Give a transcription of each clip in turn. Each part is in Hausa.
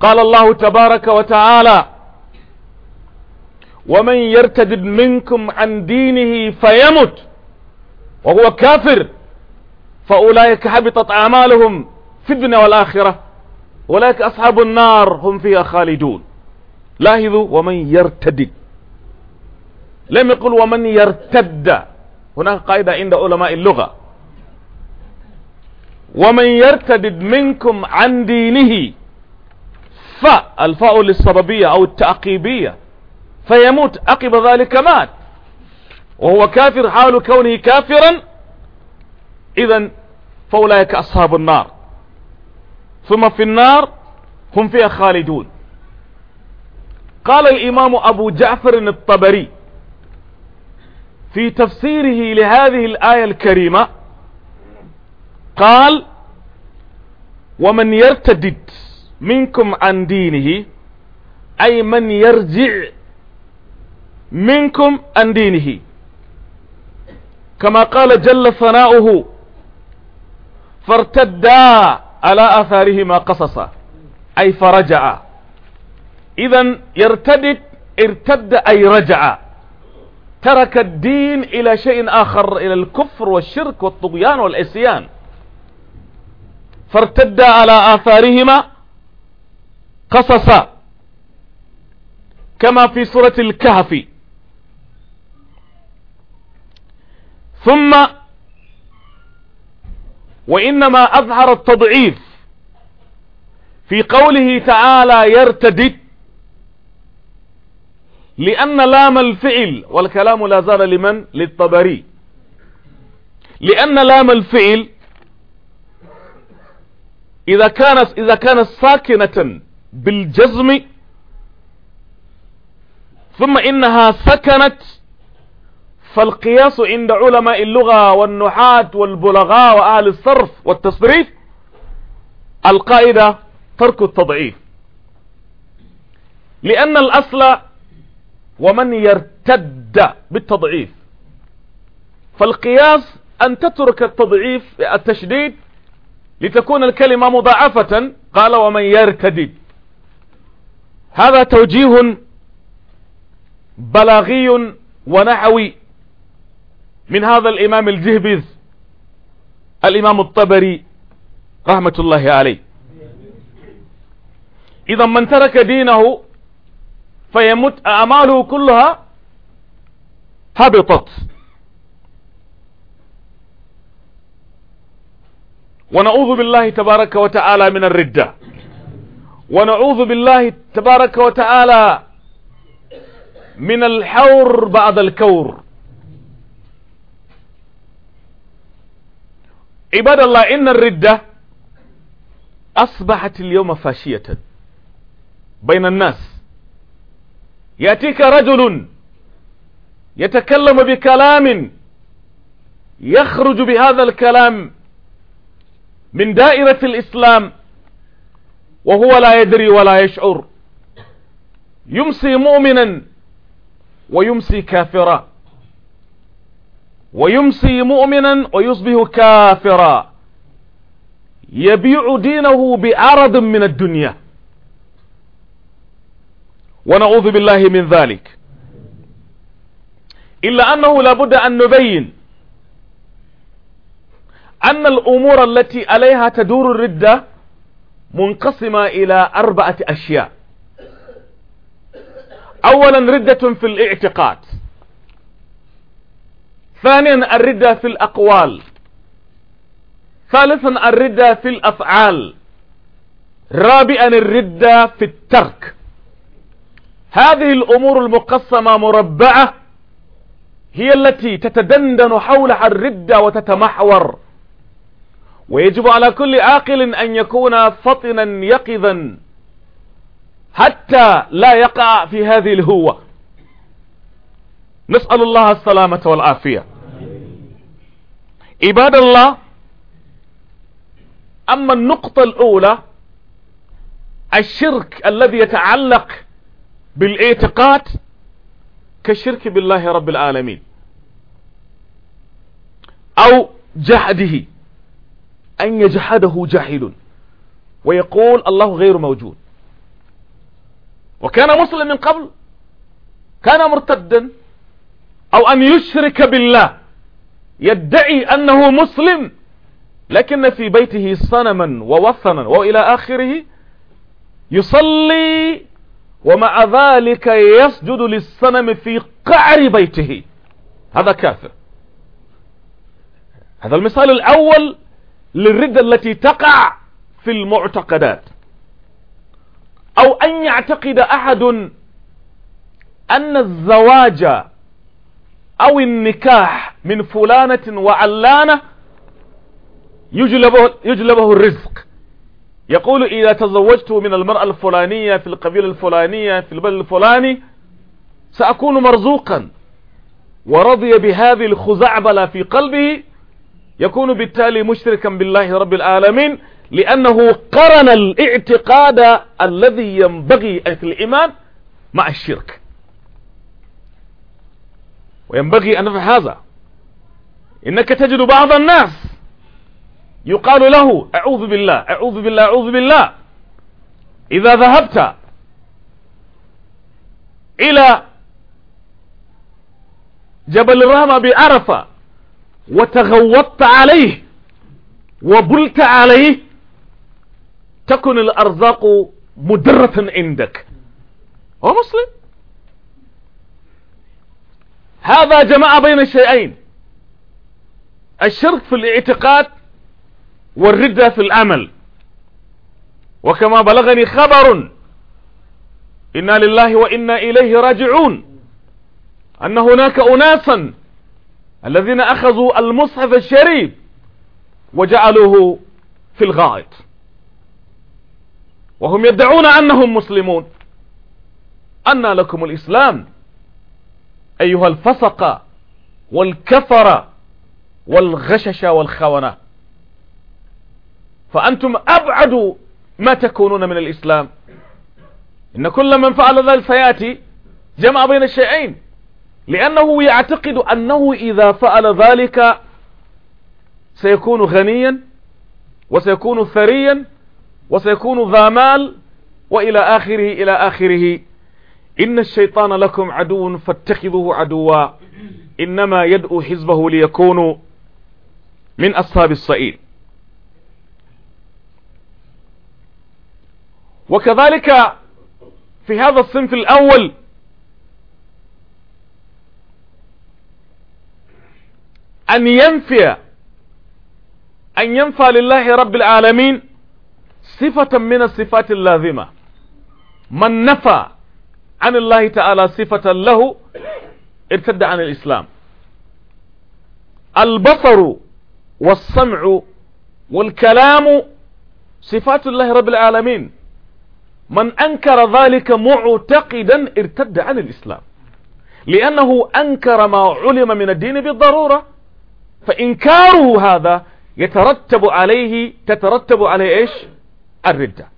قال الله تبارك وتعالى ومن يرتد منكم عن دينه فيمت وهو كافر فأولئك حبطت أعمالهم في الدنيا والآخرة أولئك أصحاب النار هم فيها خالدون لاحظوا ومن يرتد لم يقل ومن يرتد هناك قاعدة عند علماء اللغة ومن يرتد منكم عن دينه فاء الفاء للسببية أو التعقيبية فيموت عقب ذلك مات وهو كافر حال كونه كافرا إذا فأولئك أصحاب النار ثم في النار هم فيها خالدون قال الإمام أبو جعفر الطبري في تفسيره لهذه الآية الكريمة قال ومن يرتدد منكم عن دينه أي من يرجع منكم عن دينه كما قال جل ثناؤه فارتدا على آثارهما قصصا أي فرجع إذا يرتد ارتد أي رجع ترك الدين إلى شيء آخر إلى الكفر والشرك والطغيان والعصيان فارتد على آثارهما قصص كما في سورة الكهف ثم وإنما أظهر التضعيف في قوله تعالى يرتدي لأن لام الفعل والكلام لا زال لمن للطبري لأن لام الفعل إذا كانت إذا كانت ساكنة بالجزم ثم إنها سكنت فالقياس عند علماء اللغة والنحاة والبلغاء وأهل الصرف والتصريف القاعدة ترك التضعيف لأن الأصل ومن يرتد بالتضعيف فالقياس أن تترك التضعيف التشديد لتكون الكلمة مضاعفة قال ومن يرتد هذا توجيه بلاغي ونحوي من هذا الإمام الجهبذ الإمام الطبري رحمة الله عليه إذا من ترك دينه فيمت أعماله كلها هبطت ونعوذ بالله تبارك وتعالى من الردة ونعوذ بالله تبارك وتعالى من الحور بعد الكور عباد الله إن الردة أصبحت اليوم فاشية بين الناس يأتيك رجل يتكلم بكلام يخرج بهذا الكلام من دائرة الإسلام وهو لا يدري ولا يشعر يمسي مؤمنا ويمسي كافرا ويمسي مؤمنا ويصبح كافرا يبيع دينه بعرض من الدنيا ونعوذ بالله من ذلك إلا أنه لابد أن نبين أن الأمور التي عليها تدور الردة منقسمة إلى أربعة أشياء أولا ردة في الاعتقاد ثانيا الردة في الأقوال ثالثا الردة في الأفعال رابعا الردة في الترك هذه الأمور المقسمة مربعة هي التي تتدندن حولها الردة وتتمحور ويجب على كل عاقل أن يكون فطنا يقظا حتى لا يقع في هذه الهوة نسأل الله السلامة والعافية عباد الله أما النقطة الأولى الشرك الذي يتعلق بالاعتقاد كالشرك بالله رب العالمين أو جحده أن يجحده جاهل ويقول الله غير موجود وكان مسلم من قبل كان مرتدا أو أن يشرك بالله يدعي أنه مسلم لكن في بيته صنما ووثنا وإلى آخره يصلي ومع ذلك يسجد للصنم في قعر بيته هذا كافر هذا المثال الأول للردة التي تقع في المعتقدات أو أن يعتقد أحد أن الزواج أو النكاح من فلانة وعلانة يجلبه, يجلبه الرزق يقول إذا تزوجت من المرأة الفلانية في القبيلة الفلانية في البلد الفلاني سأكون مرزوقا ورضي بهذه الخزعبلة في قلبه يكون بالتالي مشركا بالله رب العالمين لأنه قرن الاعتقاد الذي ينبغي في الإيمان مع الشرك وينبغي أن نفهم هذا إنك تجد بعض الناس يقال له أعوذ بالله أعوذ بالله أعوذ بالله إذا ذهبت إلى جبل الرهمة بعرفة وتغوطت عليه وبلت عليه تكن الأرزاق مدرة عندك هو مسلم هذا جمع بين الشيئين الشرك في الاعتقاد والردة في العمل وكما بلغني خبر إنا لله وإنا إليه راجعون أن هناك أناسا الذين أخذوا المصحف الشريف وجعلوه في الغائط وهم يدعون أنهم مسلمون أن لكم الإسلام أيها الفسق والكفر والغشش والخونة فأنتم أبعد ما تكونون من الإسلام إن كل من فعل ذلك سيأتي جمع بين الشيئين لأنه يعتقد أنه إذا فعل ذلك سيكون غنيا وسيكون ثريا وسيكون ذا مال وإلى آخره إلى آخره إن الشيطان لكم عدو فاتخذوه عدوا إنما يدعو حزبه ليكونوا من أصحاب الصعيد وكذلك في هذا الصنف الأول أن ينفي أن ينفى لله رب العالمين صفة من الصفات اللازمة من نفى عن الله تعالى صفة له ارتد عن الإسلام البصر والسمع والكلام صفات الله رب العالمين من أنكر ذلك معتقدا ارتد عن الإسلام لأنه أنكر ما علم من الدين بالضرورة فإنكاره هذا يترتب عليه تترتب عليه إيش الردة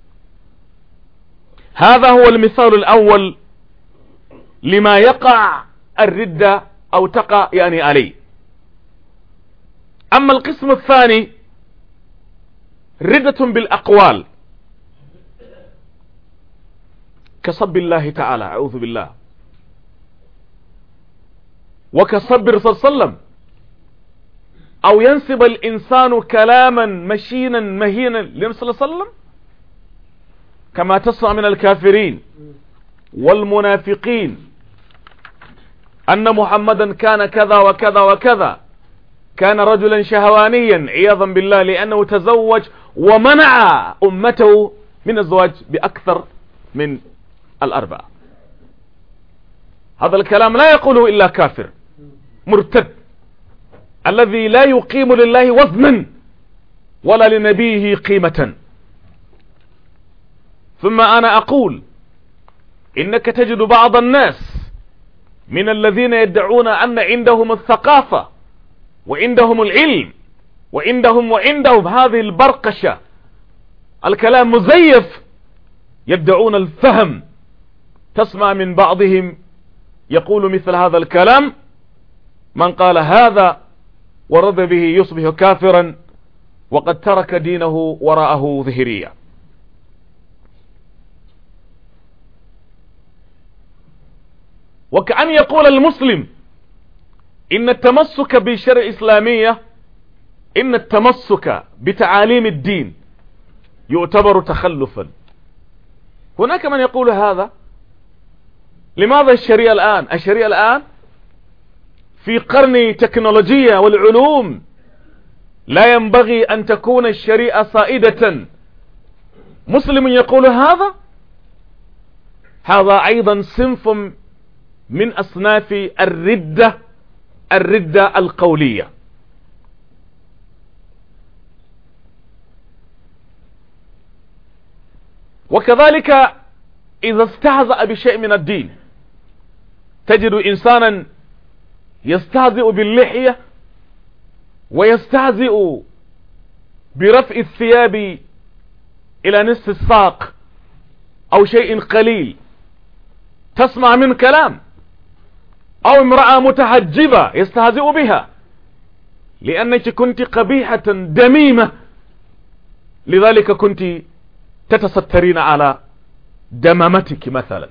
هذا هو المثال الأول لما يقع الردة أو تقع يعني عليه أما القسم الثاني ردة بالأقوال كصب الله تعالى أعوذ بالله وكصب رسول صلى الله عليه وسلم او ينسب الانسان كلاما مشينا مهينا للنبي صلى الله عليه وسلم كما تصنع من الكافرين والمنافقين ان محمدا كان كذا وكذا وكذا كان رجلا شهوانيا عياذا بالله لانه تزوج ومنع امته من الزواج باكثر من الاربعه هذا الكلام لا يقوله الا كافر مرتد الذي لا يقيم لله وزنا ولا لنبيه قيمة ثم أنا أقول إنك تجد بعض الناس من الذين يدعون أن عندهم الثقافة وعندهم العلم وعندهم وعندهم هذه البرقشة الكلام مزيف يدعون الفهم تسمع من بعضهم يقول مثل هذا الكلام من قال هذا ورضى به يصبح كافرا وقد ترك دينه وراءه ظهريا وكأن يقول المسلم إن التمسك بشرع إسلامية إن التمسك بتعاليم الدين يعتبر تخلفا هناك من يقول هذا لماذا الشريعة الآن الشريعة الآن في قرن تكنولوجيا والعلوم لا ينبغي أن تكون الشريعة صائدة مسلم يقول هذا هذا أيضا صنف من أصناف الردة الردة القولية وكذلك إذا استهزأ بشيء من الدين تجد إنسانا يستهزئ باللحية ويستهزئ برفع الثياب الى نصف الساق او شيء قليل تسمع من كلام او امرأة متحجبة يستهزئ بها لانك كنت قبيحة دميمة لذلك كنت تتسترين على دمامتك مثلا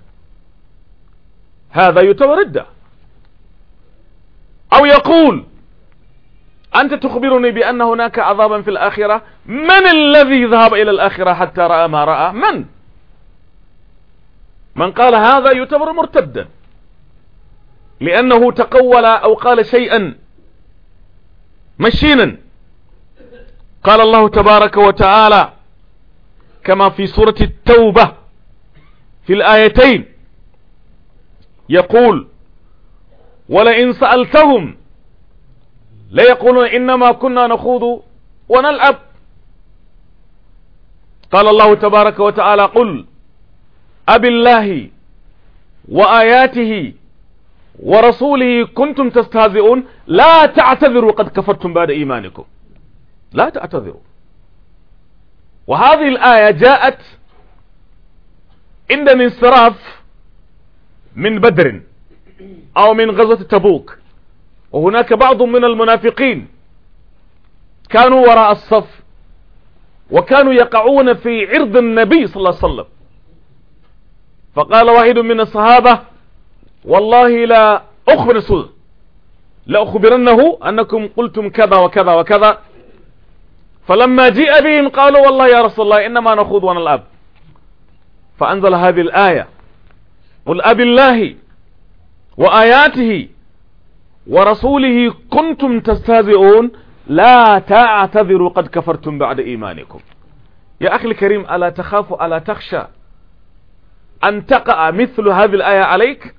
هذا يتوردة او يقول انت تخبرني بان هناك عذابا في الاخرة من الذي ذهب الى الاخرة حتى رأى ما رأى من من قال هذا يعتبر مرتدا لانه تقول او قال شيئا مشينا قال الله تبارك وتعالى كما في سورة التوبة في الآيتين يقول ولئن سألتهم ليقولون إنما كنا نخوض ونلعب قال الله تبارك وتعالى قل أب الله وآياته ورسوله كنتم تستهزئون لا تعتذروا قد كفرتم بعد إيمانكم لا تعتذروا وهذه الآية جاءت عند الانصراف من بدر او من غزوة تبوك وهناك بعض من المنافقين كانوا وراء الصف وكانوا يقعون في عرض النبي صلى الله عليه وسلم فقال واحد من الصحابة والله لا أخبر رسول لا أخبرنه أنكم قلتم كذا وكذا وكذا فلما جيء بهم قالوا والله يا رسول الله إنما نخوض ونلعب فأنزل هذه الآية قل ابي الله وآياته ورسوله كنتم تستهزئون لا تعتذروا قد كفرتم بعد إيمانكم يا أخي الكريم ألا تخاف ألا تخشى أن تقع مثل هذه الآية عليك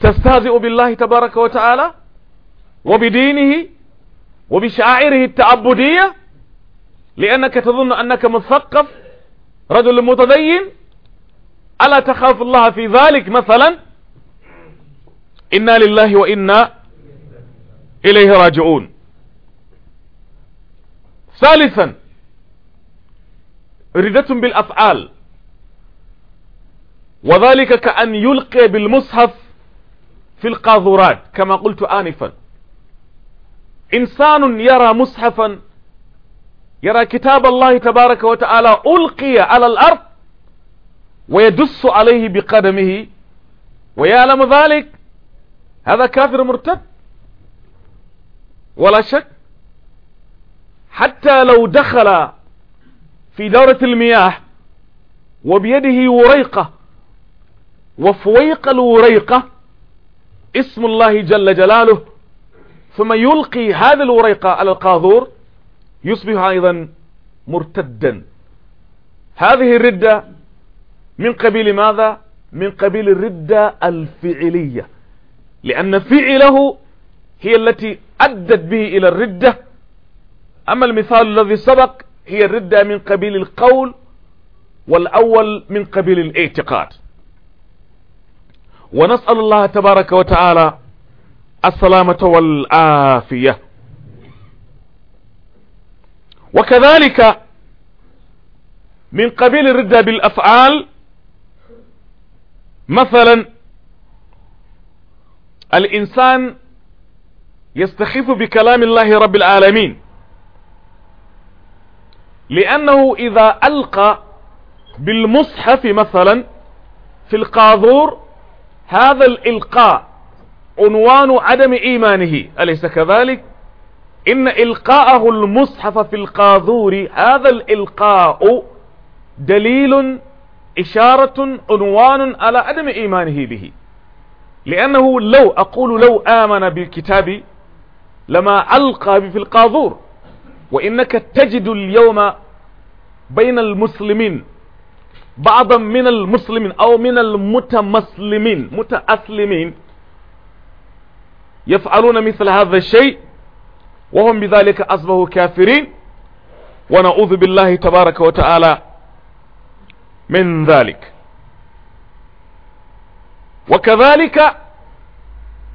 تستهزئ بالله تبارك وتعالى وبدينه وبشعائره التعبدية لأنك تظن أنك مثقف رجل متدين ألا تخاف الله في ذلك مثلا إنا لله وإنا إليه راجعون ثالثا ردة بالأفعال وذلك كأن يلقي بالمصحف في القاذورات كما قلت آنفا إنسان يرى مصحفا يرى كتاب الله تبارك وتعالى ألقي على الأرض ويدس عليه بقدمه ويعلم ذلك هذا كافر مرتد ولا شك حتى لو دخل في دورة المياه وبيده وريقة وفويق الوريقة اسم الله جل جلاله ثم يلقي هذا الوريقة على القاذور يصبح أيضا مرتدا هذه الردة من قبيل ماذا؟ من قبيل الردة الفعلية لأن فعله هي التي أدت به إلى الردة أما المثال الذي سبق هي الردة من قبيل القول والأول من قبيل الاعتقاد ونسأل الله تبارك وتعالى السلامة والعافية وكذلك من قبيل الردة بالأفعال مثلا الإنسان يستخف بكلام الله رب العالمين لأنه إذا ألقى بالمصحف مثلا في القاذور هذا الإلقاء عنوان عدم إيمانه أليس كذلك إن إلقاءه المصحف في القاذور هذا الإلقاء دليل إشارة عنوان على عدم إيمانه به لأنه لو أقول لو آمن بالكتاب لما ألقى في القاذور وإنك تجد اليوم بين المسلمين بعضا من المسلمين أو من المتمسلمين متأسلمين يفعلون مثل هذا الشيء وهم بذلك أصبحوا كافرين ونعوذ بالله تبارك وتعالى من ذلك وكذلك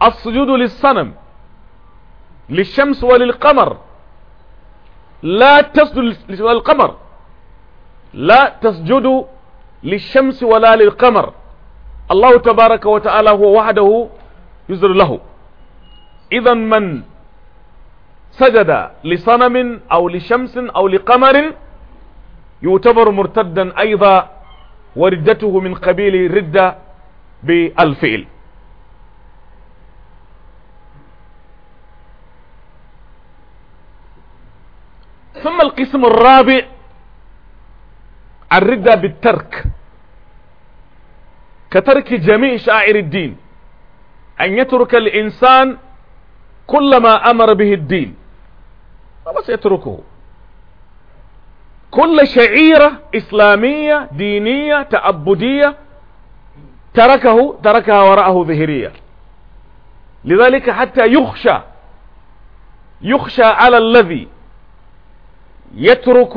السجود للصنم للشمس وللقمر لا تسجد للقمر لا تسجد للشمس ولا للقمر الله تبارك وتعالى هو وحده يزر له إذا من سجد لصنم أو لشمس أو لقمر يعتبر مرتدا أيضا وردته من قبيل ردة بالفعل ثم القسم الرابع الردة بالترك كترك جميع شاعر الدين أن يترك الإنسان كل ما أمر به الدين فبس يتركه كل شعيرة إسلامية دينية تأبدية تركه تركها وراءه ظهرية لذلك حتى يخشى يخشى على الذي يترك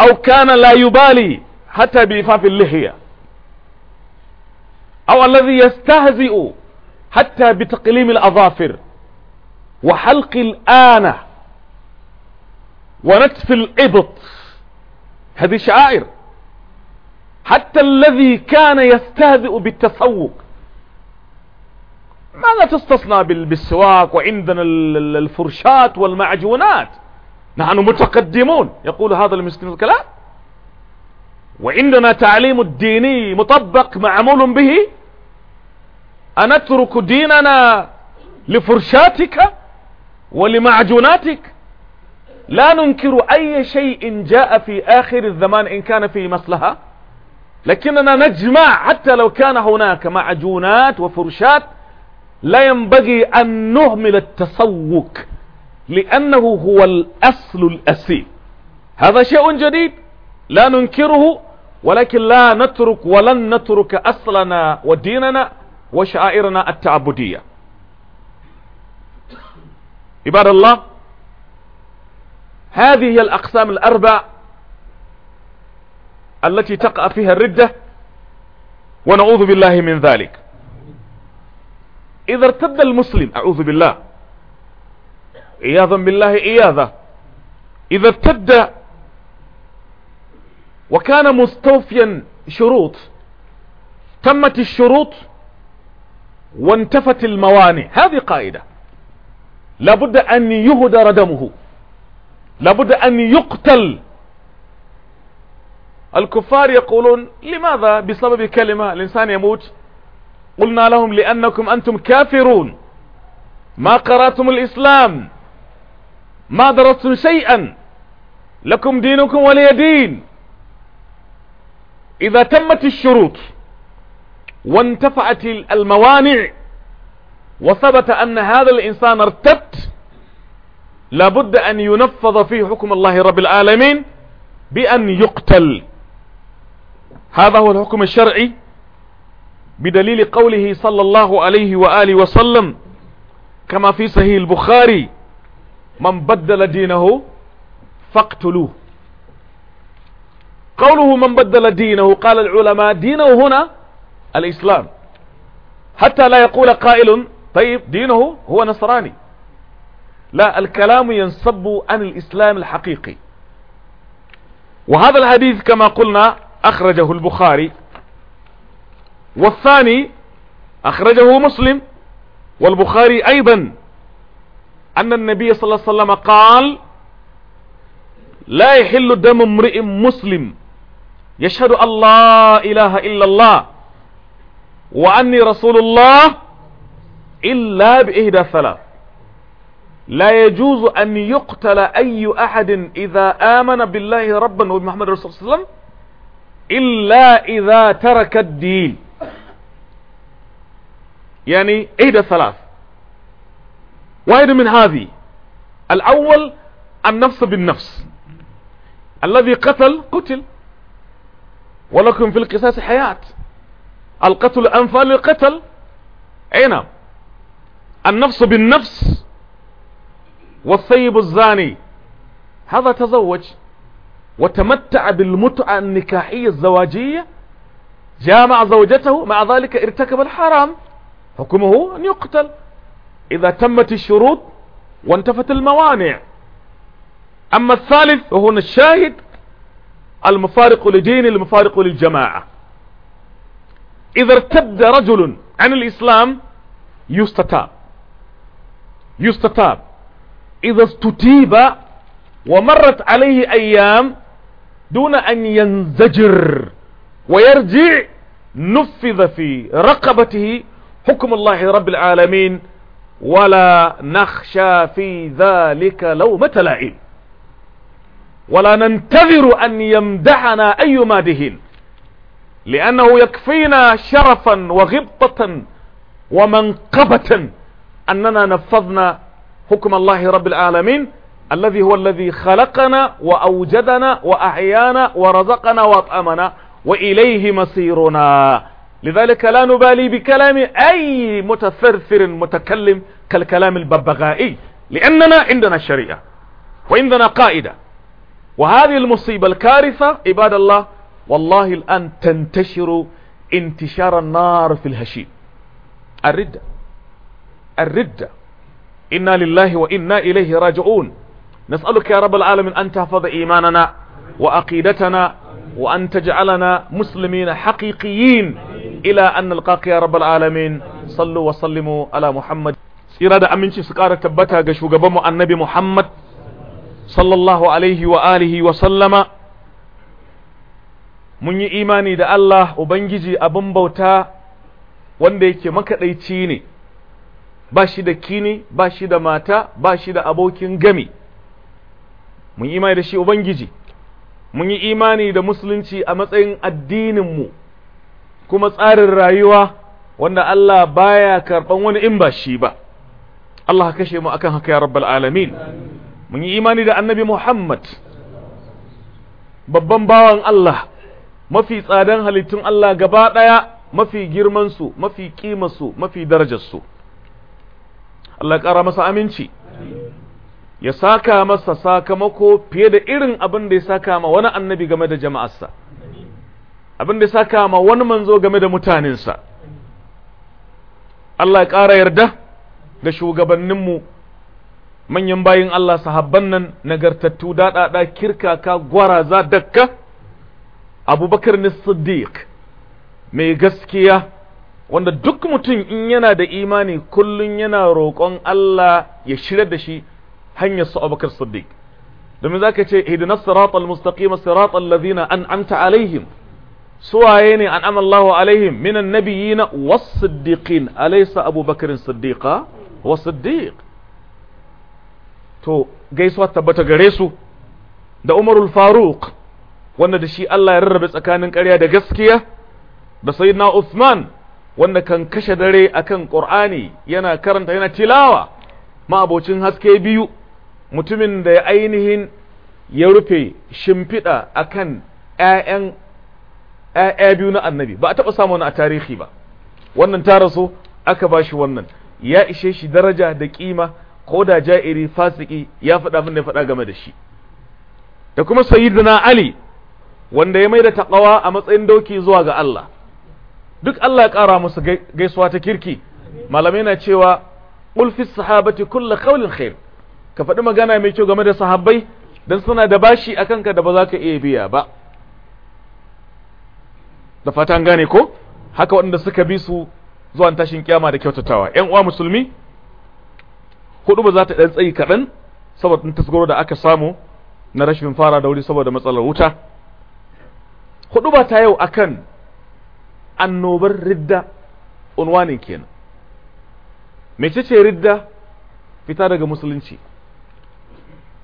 أو كان لا يبالي حتى بإفاف اللحية أو الذي يستهزئ حتى بتقليم الأظافر وحلق الآنة ونتف الإبط هذه شعائر حتى الذي كان يستهزئ بالتسوق ماذا تستصنع بالسواك وعندنا الفرشات والمعجونات نحن متقدمون يقول هذا المسكين الكلام وعندنا تعليم الديني مطبق معمول به أنترك ديننا لفرشاتك ولمعجوناتك لا ننكر أي شيء جاء في آخر الزمان إن كان فيه مصلحة لكننا نجمع حتى لو كان هناك معجونات وفرشات لا ينبغي أن نهمل التسوق لأنه هو الأصل الأسيل هذا شيء جديد لا ننكره ولكن لا نترك ولن نترك أصلنا وديننا وشعائرنا التعبدية عباد الله هذه هي الأقسام الأربع التي تقع فيها الردة ونعوذ بالله من ذلك إذا ارتد المسلم أعوذ بالله عياذا بالله إياذا إذا ارتد وكان مستوفيا شروط تمت الشروط وانتفت الموانع هذه قاعدة لابد أن يهدر دمه لابد أن يقتل الكفار يقولون لماذا بسبب كلمة الإنسان يموت قلنا لهم لأنكم أنتم كافرون ما قرأتم الإسلام ما درستم شيئا لكم دينكم ولي دين إذا تمت الشروط وانتفعت الموانع وثبت أن هذا الإنسان ارتبت لابد أن ينفذ فيه حكم الله رب العالمين بأن يقتل هذا هو الحكم الشرعي بدليل قوله صلى الله عليه وآله وسلم كما في صحيح البخاري من بدل دينه فاقتلوه قوله من بدل دينه قال العلماء دينه هنا الإسلام حتى لا يقول قائل طيب دينه هو نصراني لا الكلام ينصب عن الإسلام الحقيقي وهذا الحديث كما قلنا أخرجه البخاري والثاني أخرجه مسلم والبخاري أيضا أن النبي صلى الله عليه وسلم قال لا يحل دم امرئ مسلم يشهد أن لا إله إلا الله وأني رسول الله إلا بإهدى ثلاث لا يجوز أن يقتل أي أحد إذا آمن بالله ربا وبمحمد رسول الله صلى الله عليه وسلم إلا إذا ترك الدين يعني عيد الثلاث واحد من هذه الأول النفس بالنفس الذي قتل قتل ولكم في القصاص حياة القتل أنفال القتل عنا النفس بالنفس والثيب الزاني هذا تزوج وتمتع بالمتعة النكاحية الزواجية جامع زوجته مع ذلك ارتكب الحرام حكمه أن يقتل إذا تمت الشروط وانتفت الموانع أما الثالث وهنا الشاهد المفارق لدين المفارق للجماعة إذا ارتد رجل عن الإسلام يستتاب يستتاب إذا استتيب ومرت عليه أيام دون أن ينزجر ويرجع نفذ في رقبته حكم الله رب العالمين ولا نخشى في ذلك لومة لائم ولا ننتظر أن يمدحنا أي مادهين لأنه يكفينا شرفا وغبطة ومنقبة أننا نفذنا حكم الله رب العالمين الذي هو الذي خلقنا وأوجدنا وأحيانا ورزقنا وأطعمنا وإليه مصيرنا لذلك لا نبالي بكلام أي متثرثر متكلم كالكلام الببغائي لأننا عندنا الشريعة وعندنا قائدة وهذه المصيبة الكارثة عباد الله والله الآن تنتشر انتشار النار في الهشيم الردة الردة إنا لله وإنا إليه راجعون نسألك يا رب العالمين أن تحفظ إيماننا وعقيدتنا وأن تجعلنا مسلمين حقيقيين إلى أن نلقاك يا رب العالمين صلوا وسلموا على محمد إرادة أمنشي سكارة تبتها قشو قبمو النبي محمد صلى الله عليه وآله وسلم mun yi imani da Allah Ubangiji abin bauta wanda yake makaɗaici ne, ba shi da kini, ba shi da mata, ba shi da abokin gami. mun yi imani da shi ubangiji mun yi imani da musulunci a matsayin addininmu kuma tsarin rayuwa wanda Allah baya karban wani in ba shi ba Allah kashe mu akan haka ya rabbal alamin mun yi imani da annabi Muhammad babban bawan Allah mafi tsadan halittun Allah gaba daya mafi girman su mafi ƙimarsu, mafi darajarsu Allah ƙara masa aminci ya saka masa sakamako fiye da irin abin da ya saka ma wani annabi game da jama'arsa abin da ya saka ma wani manzo game da mutanensa Allah ya ƙara yarda ga shugabanninmu manyan bayin Allah sahabban nan nagartattu daɗaɗa kirkaka gwaraza dakka abubakar ni siddiq mai gaskiya wanda duk mutum in yana da imani kullum yana roƙon Allah ya shirya da shi hanyar su abubakar siddiq domin za ka ce hidina siratal mustaqima siratal ladina an'amta alaihim suwaye ne an'ama Allahu alaihim minan nabiyina was-siddiqin alaysa abubakar siddiqa wa siddiq to gaisuwa tabbata gare su da Umarul Faruq wanda da shi Allah ya rarrabe tsakanin ƙarya da gaskiya da Sayyidina Uthman wanda kan kashe dare akan Qur'ani yana karanta yana tilawa ma abocin haske biyu mutumin da ya ainihin ya rufe shimfiɗa akan kan yaya biyu na annabi ba a taɓa samu wani a tarihi ba wannan ta rasu aka ba shi wannan ya ishe shi daraja da kima ko da ja'iri fasiki ya faɗa mun da ya faɗa game da shi da kuma sayyidina ali wanda ya maida taƙawa a matsayin doki zuwa ga Allah duk Allah ya ƙara musu gaisuwa ta kirki malamai na cewa qul sahabati kullu qawlin khair ka faɗi magana mai kyau game da sahabbai don suna da bashi a kanka da ba za ka iya biya ba da fatan gane ko haka waɗanda suka bi su zuwa tashin kyama da kyautatawa yan uwa musulmi hudu ba za ta ɗan tsayi kaɗan saboda tasgoro da aka samu na rashin fara da wuri saboda matsalar wuta hudu ba ta yau akan annobar ridda unwanin kenan mai ce ridda fita daga musulunci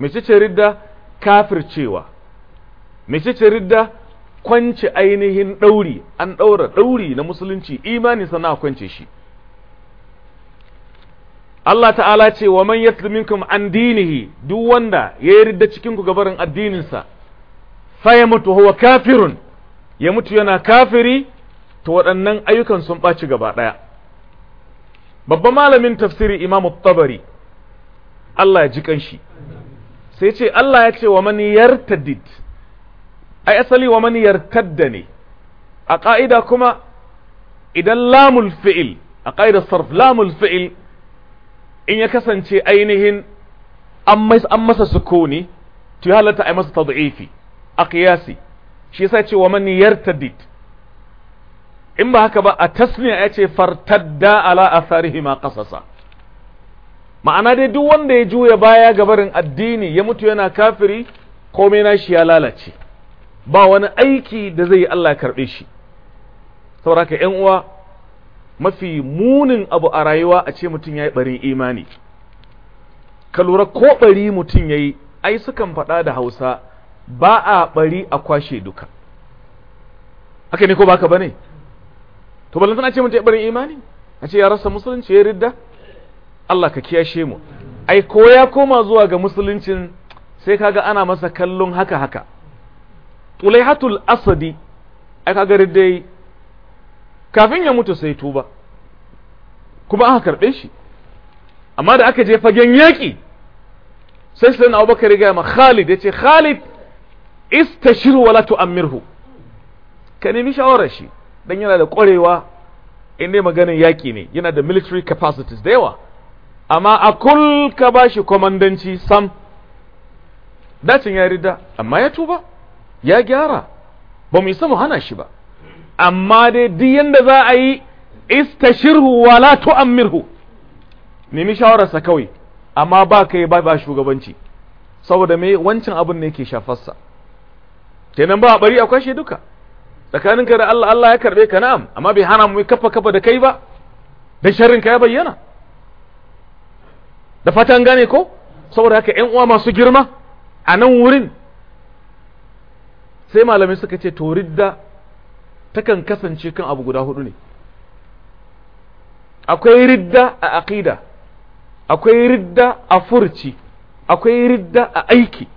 mecece ridda kafircewa mecece ridda kwance ainihin dauri. an daura dauri na musulunci imani sana kwance shi Allah ta'ala ce wa man yatlu minkum an dinihi duk wanda ya yi ridda cikin ku gabarin addininsa fa ya mutu huwa kafirun ya mutu yana kafiri to waɗannan ayyukan sun ɓaci gaba ɗaya babban malamin tafsiri imamu tabari Allah ya ji kanshi sai ce Allah ya ce wa man yartadid ai asali wa man yartadda ne a ƙa'ida kuma idan lamul fi'il a ƙa'idar sarf lamul fi'il in ya kasance ainihin an masa sukuni to ya halatta a masa tad'ifi a qiyasi shi yasa ce wa man yartadid in ba haka ba a tasmiya ya ce fartadda ala ma qasasa ma'ana dai duk wanda ya juya baya ga barin addini ya mutu yana kafiri komai nashi ya lalace ba wani aiki da zai yi Allah karɓe shi saboda ka uwa mafi munin abu a rayuwa a ce mutum ya yi barin imani ka lura ko bari mutum ya yi ai sukan faɗa da Hausa ba a bari a kwashe duka haka ne ko baka bane to balantana ce mutum ya barin imani a ce ya rasa musulunci ya ridda Allah ka kiyashe mu ai ko ya koma zuwa ga musuluncin sai kaga ana masa kallon haka haka tulaihatul asadi ai kaga dai kafin ya mutu sai tuba kuma aka karbe shi amma da aka je fagen yaki sai sai na abubakar ya ma khalid yace khalid istashir wala tu'ammirhu ka nemi shawarar shi dan yana da kwarewa in maganin yaki ne yana da military capacities da yawa amma a kul ka ba shi kwamandanci sam dacin ya rida amma ya tuba ya gyara ba mu isa mu hana shi ba amma dai duk yadda za a yi istashirhu wala tu'ammirhu nemi shawararsa kawai amma ba kai ba ba shugabanci saboda me wancan abin ne ke shafarsa kenan ba bari akwai shi duka tsakaninka da Allah Allah ya karbe ka na'am amma bai hana mu kafa kafa da kai ba da sharrin ka ya bayyana da fatan gane ko saboda haka ƴan uwa masu girma a nan wurin sai malamai suka ce to ridda takan kasance kan abu guda hudu ne akwai ridda a aqida akwai ridda a furci akwai ridda a aiki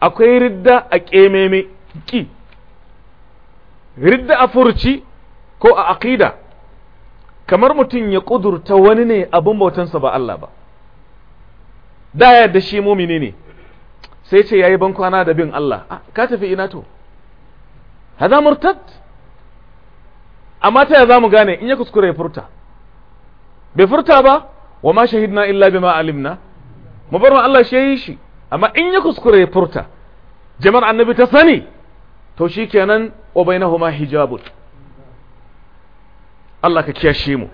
akwai ridda a kememe ki ridda a furci ko a aqida kamar mutum ya kudurta wani ne abin bautansa ba Allah ba da yadda shi mumini ne sai ce yayi ban kwana da bin Allah ah, ka tafi ina to hada murtad amma ta za mu gane in ya kuskure furta bai furta ba wa ma shahidna illa bima alimna mu bar Allah shi yi shi amma in ya kuskure furta jama'ar annabi ta sani to shikenan wa bainahuma hijabun Allah ka kiyashe mu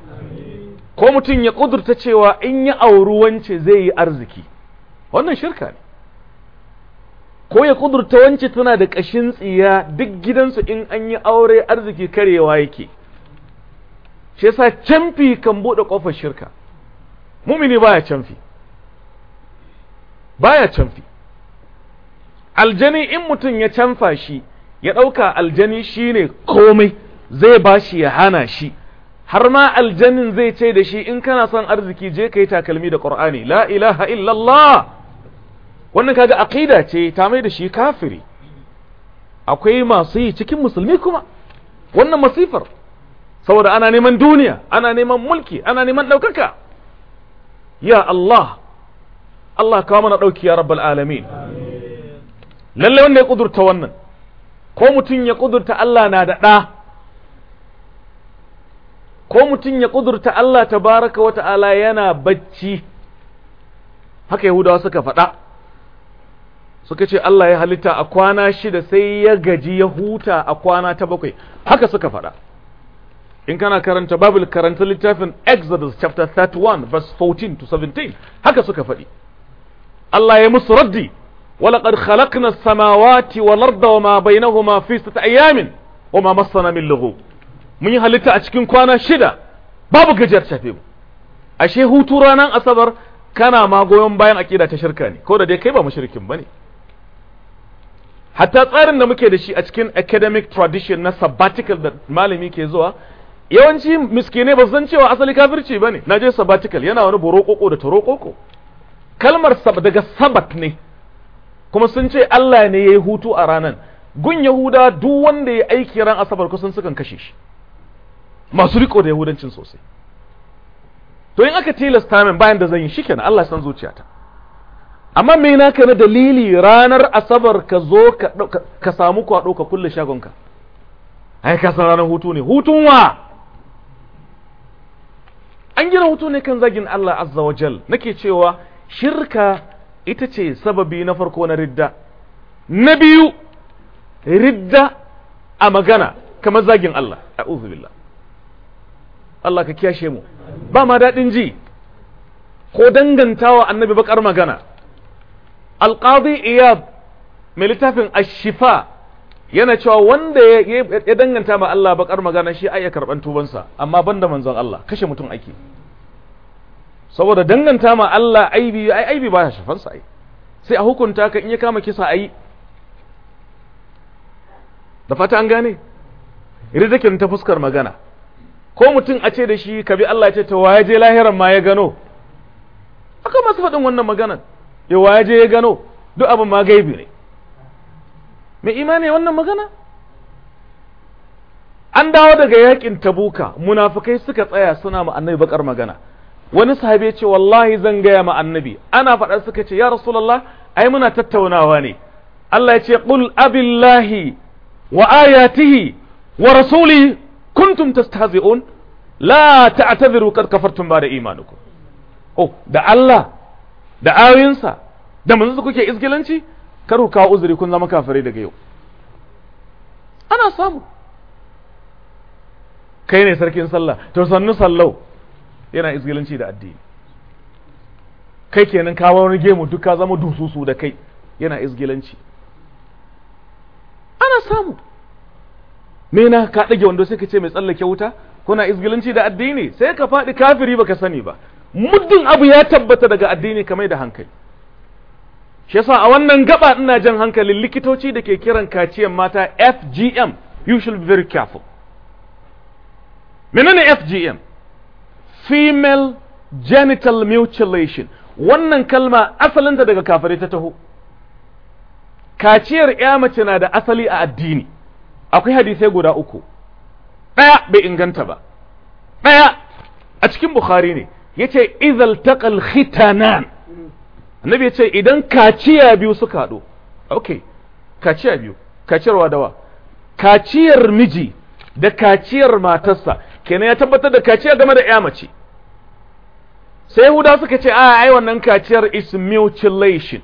ko mutum ya kudurta cewa in ya auri wance zai yi arziki wannan shirka ne ko ya kudurta wance tana da ƙashin tsiya duk gidansu in an yi aure arziki karewa yake shi yasa canfi kan buɗe ƙofar shirka mumini baya canfi baya canfi aljani in mutum ya canfa shi ya ɗauka aljani shine komai zai bashi ya hana shi har ma aljanin zai ce da shi in kana son arziki je ka yi takalmi da ƙur'ani la ilaha illallah wannan kaga aqida ce ta mai da shi kafiri akwai masu yi cikin musulmi kuma wannan masifar saboda ana neman duniya ana neman mulki ana neman ɗaukaka ya Allah Allah kawo mana ɗauki ya rabbal alamin lalle wanda ya ƙudurta wannan ko mutum ya ƙudurta Allah na da ɗa ko mutum ya kudurta Allah ta baraka wa ta'ala yana bacci haka yahudawa suka faɗa suka ce Allah ya halitta a kwana shida sai ya gaji ya huta a kwana ta bakwai haka suka faɗa in kana karanta babul karanta littafin exodus chapter 31 verse 14 to 17 haka suka faɗi Allah ya musu raddi ولقد خلقنا السماوات والأرض وما بينهما في ستة أيام ma مسنا min لغوب mun yi halitta a cikin kwana shida babu gajiyar shafe mu ashe hutu ranar asabar kana ma goyon bayan akida ta shirka ne ko da dai kai ba mushrikin bane hatta tsarin da muke da shi a cikin academic tradition na sabbatical da malami ke zuwa yawanci miskine ba zan cewa asali kafirci Na je sabbatical yana wani borokoko da torokoko kalmar sab daga sabat ne kuma sun ce Allah ne ya yi hutu a ranan gun yahuda duk wanda ya aiki ran asabar kusan sukan kashe shi masu riko da yahudancin sosai to in aka tilasta min bayan da zan yi shikena Allah san zuciyata amma me ka na dalili ranar asabar ka zo ka samu kwado ka kulle shagonka ai ka san ranar hutu ne hutun an gina hutu ne kan zagin Allah azza wa jal nake cewa shirka ita ce sababi na farko na ridda na biyu ridda a magana kamar zagin Allah a'udhu billah Allah ka kiyashe mu ba ma daɗin ji ko dangantawa annabi bakar magana alƙadi iyab mai littafin ashifa yana cewa wanda ya danganta ma Allah bakar magana shi ai ya karban tubansa amma banda manzon Allah kashe mutum ake saboda danganta ma Allah aibi ai aibi ba shafansa ai sai a hukunta ka in ya kama kisa ai da fata an gane ridakin ta fuskar magana ko mutum a ce da shi ka bi Allah ce ta waye je lahiran ma ya gano aka masu faɗin wannan maganar ya waye je ya gano duk abin ma gaibi ne mai imani wannan magana an dawo daga yakin tabuka munafukai suka tsaya suna ma annabi bakar magana wani sahabi ce wallahi zan gaya ma annabi ana faɗa suka ce ya rasulullah ai muna tattaunawa ne Allah ya ce qul abillahi wa ayatihi wa rasuli kuntum tastahzi'un la ta'tadhiru qad kafartum ba da imanukum oh da Allah da ayoyinsa da manzo kuke izgilanci kar ku kawo uzuri kun zama kafirai daga yau ana samu kai ne sarkin sallah to sannu sallau yana izgilanci da addini kai kenan ka wani gemu duka zama dususu da kai yana izgilanci ana samu mena na ka dage wando sai ka ce mai tsallake wuta kuna izgilanci da addini sai ka faɗi kafiri baka sani ba muddin abu ya tabbata daga addini ka mai da hankali shi yasa a wannan gaba ina jan hankalin likitoci da ke kiran kaciyan mata FGM you should be very careful menene FGM female genital mutilation wannan kalma asalinta daga kafare ta taho kaciyar ya mace na da asali a addini akwai hadisai guda uku ɗaya bai inganta ba ɗaya a cikin bukhari ne ya ce izal taƙal khitanan annabi ya ce idan kaciya biyu suka haɗu ok kaciya biyu kaciyar dawa kaciyar miji da kaciyar matarsa kenan ya tabbatar da kaciya game da ya mace sai huda suka ce a ai wannan kaciyar is mutilation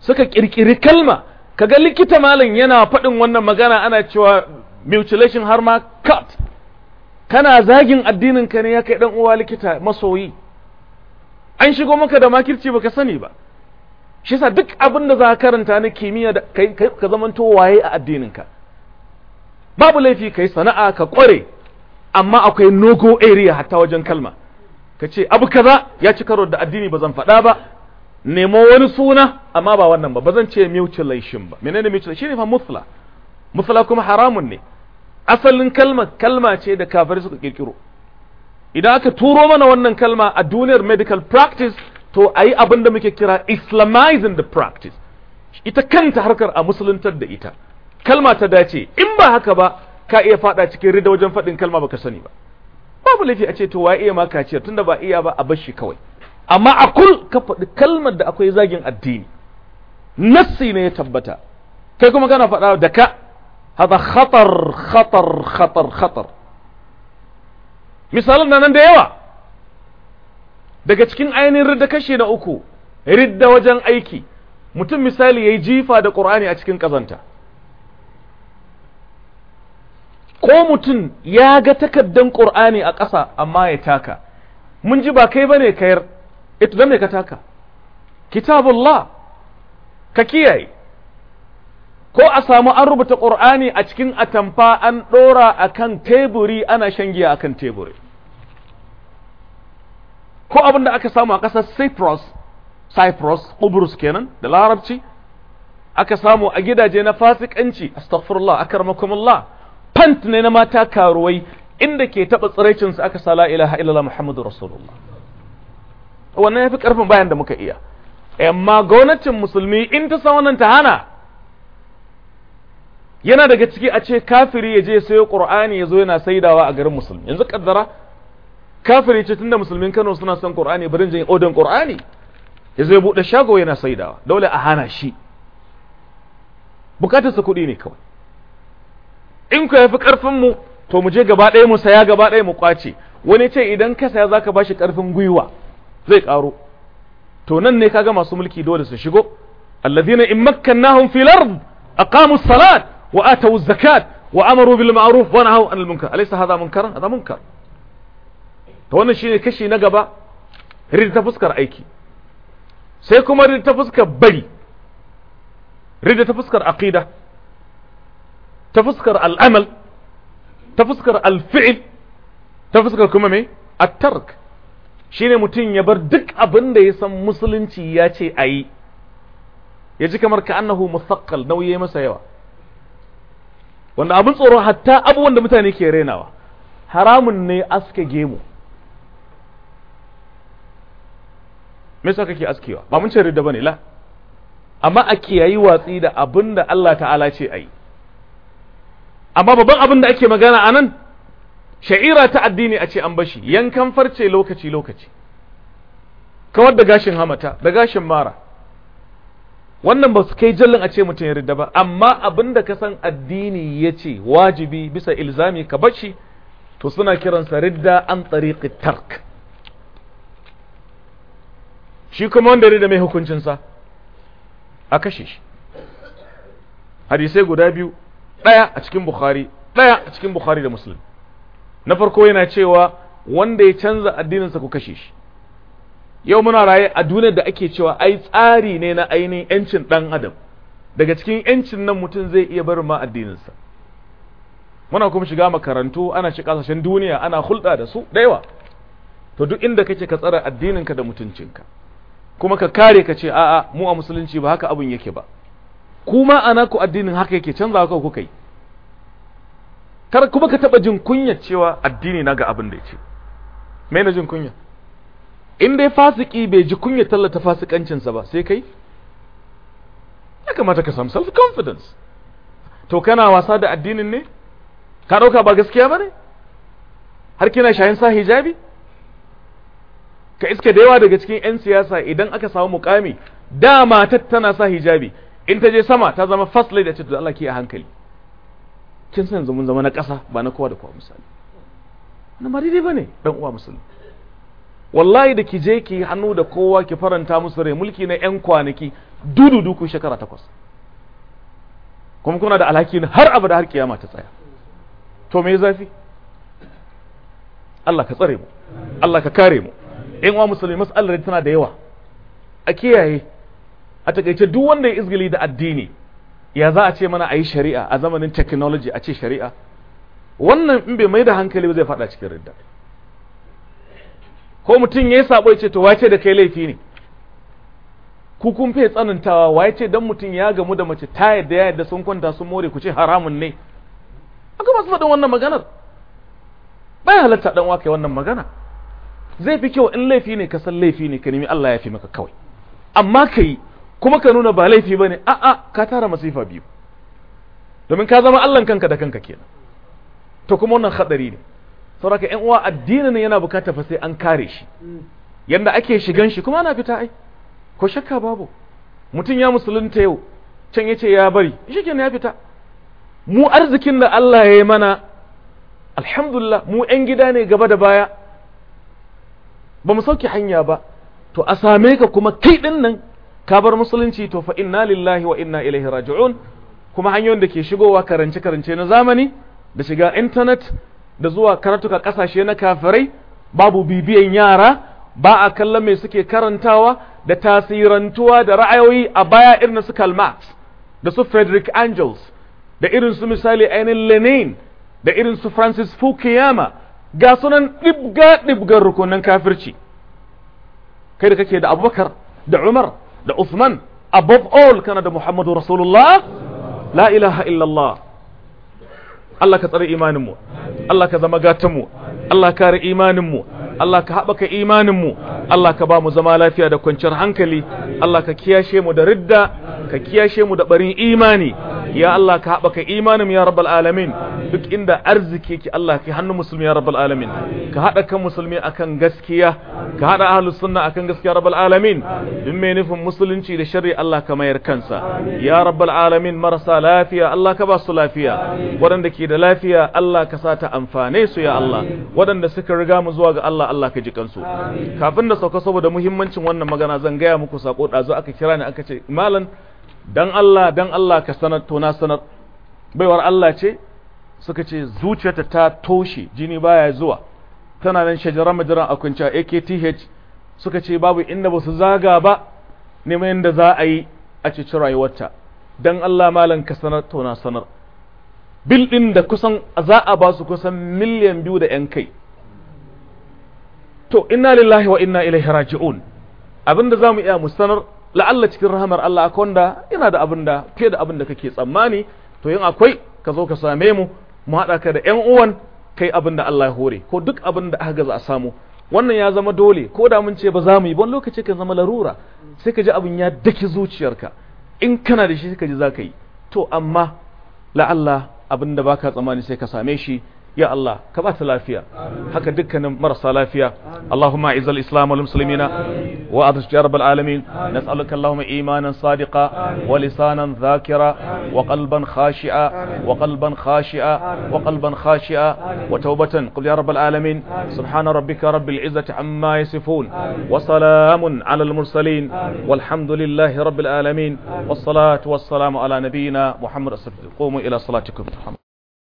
suka kirkiri kalma kaga likita malam yana faɗin wannan magana ana cewa mutilation har ma cut kana zagin addinin ka ne ya kai ɗan uwa likita masoyi an shigo maka da makirci baka sani ba shi yasa duk abin da za ka karanta na kimiyya da kai ka zamanto waye a addinin ka babu laifi kai sana'a ka kware amma akwai nogo go area hatta wajen kalma ka ce abu kaza ya ci karo da addini ba zan faɗa ba nemo wani suna amma ba wannan ba bazan ce mutilation ba menene mutilation shine fa musla musla kuma haramun ne asalin kalma kalma ce da kafirai suka kirkiro idan aka turo mana wannan kalma a duniyar medical practice to ayi abin da muke kira islamizing the practice ita kanta harkar a musuluntar da ita kalma ta dace in ba haka ba ka iya fada cikin rida wajen faɗin kalma baka sani ba babu laifi a ce to wa iya ma kaciyar tunda ba iya ba a bar shi kawai amma a kul ka faɗi kalmar da akwai zagin addini nassi ne ya tabbata kai kuma kana faɗa da ka hada khatar khatar khatar khatar misalan nan da yawa daga cikin ainihin ridda kashe na uku ridda wajen aiki mutum misali ya yi jifa da ƙur'ani a cikin ƙazanta ko mutum ya ga takaddan ƙur'ani a ƙasa amma ya taka mun ji ba kai bane kayar ita da me ka taka kitabullah ka kiyaye ko a samu an rubuta ƙur'ani a cikin atamfa an ɗora a kan teburi ana shan giya a kan teburi ko abin da aka samu a ƙasar cyprus cyprus ƙubrus kenan da larabci aka samu a gidaje na fasikanci astaghfirullah akarmakumullah pant ne na mata karuwai inda ke taɓa su aka sa la ilaha illallah muhammadu rasulullah wannan ya fi ƙarfin bayan da muka iya amma gwamnatin musulmi in ta san wannan ta hana yana daga ciki a ce kafiri ya je sayo qur'ani ya zo yana saidawa a garin musulmi yanzu kaddara kafiri ce tunda musulmin Kano suna son qur'ani barin jin odin qur'ani ya zo ya bude shago yana saidawa dole a hana shi sa kuɗi ne kawai in ku yafi karfin mu to mu je gaba ɗaya mu saya gaba ɗaya mu kwace wani ce idan ka saya zaka shi karfin gwiwa zai karo to nan ne kaga masu mulki dole su shigo alladhina in makkannahum fil ard aqamu as-salat wa atu az-zakat wa amaru bil ma'ruf wa nahaw anil munkar alaysa hadha munkaran hadha munkar to wannan shine kashi na gaba ridda ta fuskar aiki sai kuma ridda ta fuskar bari ridda ta fuskar aqida ta fuskar al'amal ta fuskar al-fi'l ta fuskar kuma me at-tark shine mutum ya bar duk abin da ya san musulunci ya ce a yi ya ji kamar ka annahu musakkal nauyi masa yawa wanda abin tsoro hatta abubuwan da mutane ke rainawa, haramun ne aske gemu me yasa kake askewa ba mun ce ba bane la amma a kiyayi watsi da abin da Allah ta'ala ce a yi amma babban abin da ake magana anan. nan sha'ira ta addini a ce an bashi yankan farce lokaci lokaci kawar da gashin hamata da gashin mara wannan ba su kai jallin a ce mutum ya ridda ba amma abin da ka san addini ya ce wajibi bisa ilzami ka bashi to suna kiransa ridda an tsariƙi tark shi kuma wanda ridda mai hukuncinsa a kashe shi hadisai guda biyu ɗaya a cikin bukhari ɗaya a cikin bukhari da Musulmi. na farko yana cewa wanda ya canza addininsa ku kashe shi yau muna raye a duniyar da ake cewa ai tsari ne na ainihin yancin dan adam daga cikin yancin nan mutum zai iya barin ma addininsa muna kuma shiga makarantu ana shi kasashen duniya ana hulɗa da su da yawa to duk inda kake ka tsara addininka da mutuncinka kuma ka kare ka ce a'a mu a musulunci ba haka abun yake ba kuma ana ku addinin haka yake canzawa ka kuka yi kar kuma ka taba jin kunya cewa addini na ga abin da yace me na jin kunya in dai fasiki bai ji kunya tallata fasikancinsa ba sai kai ya kamata ka samu self confidence to kana wasa da addinin ne ka dauka ba gaskiya bane har kina shayin sa hijabi ka iske da yawa daga cikin 'yan siyasa idan aka samu mukami da matar sa hijabi in ta je sama ta zama first lady a ce to Allah ke a hankali kin san yanzu mun zama na ƙasa ba na kowa da kowa misali na ba daidai ne dan uwa musulmi wallahi da ki je ki hannu da kowa ki faranta musu rai mulki na yan kwanaki dudu duku shekara takwas kuma kuna da alhaki na har abada har kiyama ta tsaya to me zafi Allah ka tsare mu Allah ka kare mu yan uwa musulmi mas'alar tana da yawa a kiyaye a takaice duk wanda ya izgili da addini ya za a ce mana a yi shari'a a zamanin technology a ce shari'a wannan in bai mai da hankali ba zai fada cikin ridda ko mutum ya yi sabo ya ce to wace da kai laifi ne ku kun fi tsanantawa wace ce dan mutum ya gamu da mace ta yadda ya yadda sun kwanta sun more ku ce haramun ne aka ba su faɗin wannan maganar bai halatta dan waka wannan magana zai fi kyau in laifi ne ka san laifi ne ka nemi Allah ya fi maka kawai amma ka yi kuma ka nuna ba laifi ba ne a'a ka tara masifa biyu domin ka zama allan kanka da kanka kenan to kuma wannan hadari ne saboda ƴan uwa addinin yana bukata fa sai an kare shi yanda ake shigan shi kuma ana fita ai ko shakka babu mutum ya musulunta yau can yace ya bari shikenan ya fita mu arzikin da Allah ya yi mana alhamdulillah mu yan gida ne gaba da baya ba mu sauke hanya ba to a same ka kuma kai ɗin nan ka bar musulunci to fa inna lillahi wa inna ilaihi raji'un kuma hanyoyin da ke shigowa karance karance na zamani da shiga intanet da zuwa karatuka kasashe na kafirai babu bibiyan yara ba a kallon mai suke karantawa da tasirantuwa da ra'ayoyi a baya irin su Karl Marx da su Frederick Engels da irin su misali ainihin Lenin da irin su Francis Fukuyama ga sunan ɗibga ɗibgar rukunin kafirci kai da kake da Abubakar da Umar da Uthman above all kana da Muhammadu Rasulullah la ilaha illallah Allah ka tsare imaninmu Allah ka zama gatanmu Allah ka kare imaninmu Allah ka haɓaka imaninmu Allah ka ba mu zama lafiya da kwanciyar hankali Allah ka kiyashe mu da ridda ka kiyashe mu da barin imani ya Allah ka haɓaka imanin ya rabbal alamin duk inda arziki ki Allah ka hannun musulmi ya rabbal alamin ka haɗa kan musulmi akan gaskiya ka haɗa ahlus sunna akan gaskiya rabbal alamin duk mai nufin musulunci da shari'a Allah ka mayar kansa ya rabbal alamin marasa lafiya Allah ka ba su lafiya waɗanda ke da lafiya Allah ka sa amfane su ya Allah waɗanda suka riga mu zuwa ga Allah Allah ka ji kansu kafin da sauka saboda muhimmancin wannan magana zan gaya muku sako ɗazu aka kira ni aka ce malam dan Allah dan Allah ka sanar to sanar baiwar Allah ce suka ce zuciyarta ta toshe jini baya zuwa tana nan shajara majara a kunca AKTH suka ce babu inda ba su zaga ba neman yadda za a yi a ceci rayuwarta dan Allah malam ka sanar to sanar bil din da kusan za a ba su kusan miliyan biyu da yan kai to inna lillahi wa inna ilaihi raji'un abinda zamu iya mu sanar la'alla cikin rahamar Allah akwai wanda yana da abin da fiye da abin da kake tsammani to yin akwai ka zo ka same mu mu haɗa ka da 'yan uwan kai abin da Allah ya hore ko duk abin da aka gaza a samu wannan ya zama dole ko da mun ce ba za mu yi ban lokaci kan zama larura sai ka ji abin ya daki zuciyarka in kana da shi sai ka ji za ka yi to amma la'alla abin da baka tsammani sai ka same shi يا الله كباس لافيا حكا دكنا مرسى لافيا اللهم اعز الإسلام والمسلمين وأضج رب العالمين نسألك اللهم إيمانا صادقا ولسانا ذاكرا وقلبا خاشعا وقلبا خاشعا وقلبا خاشعا وتوبة قل يا رب العالمين سبحان ربك رب العزة عما يصفون وسلام على المرسلين والحمد لله رب العالمين والصلاة والسلام على نبينا محمد قوموا إلى صلاتكم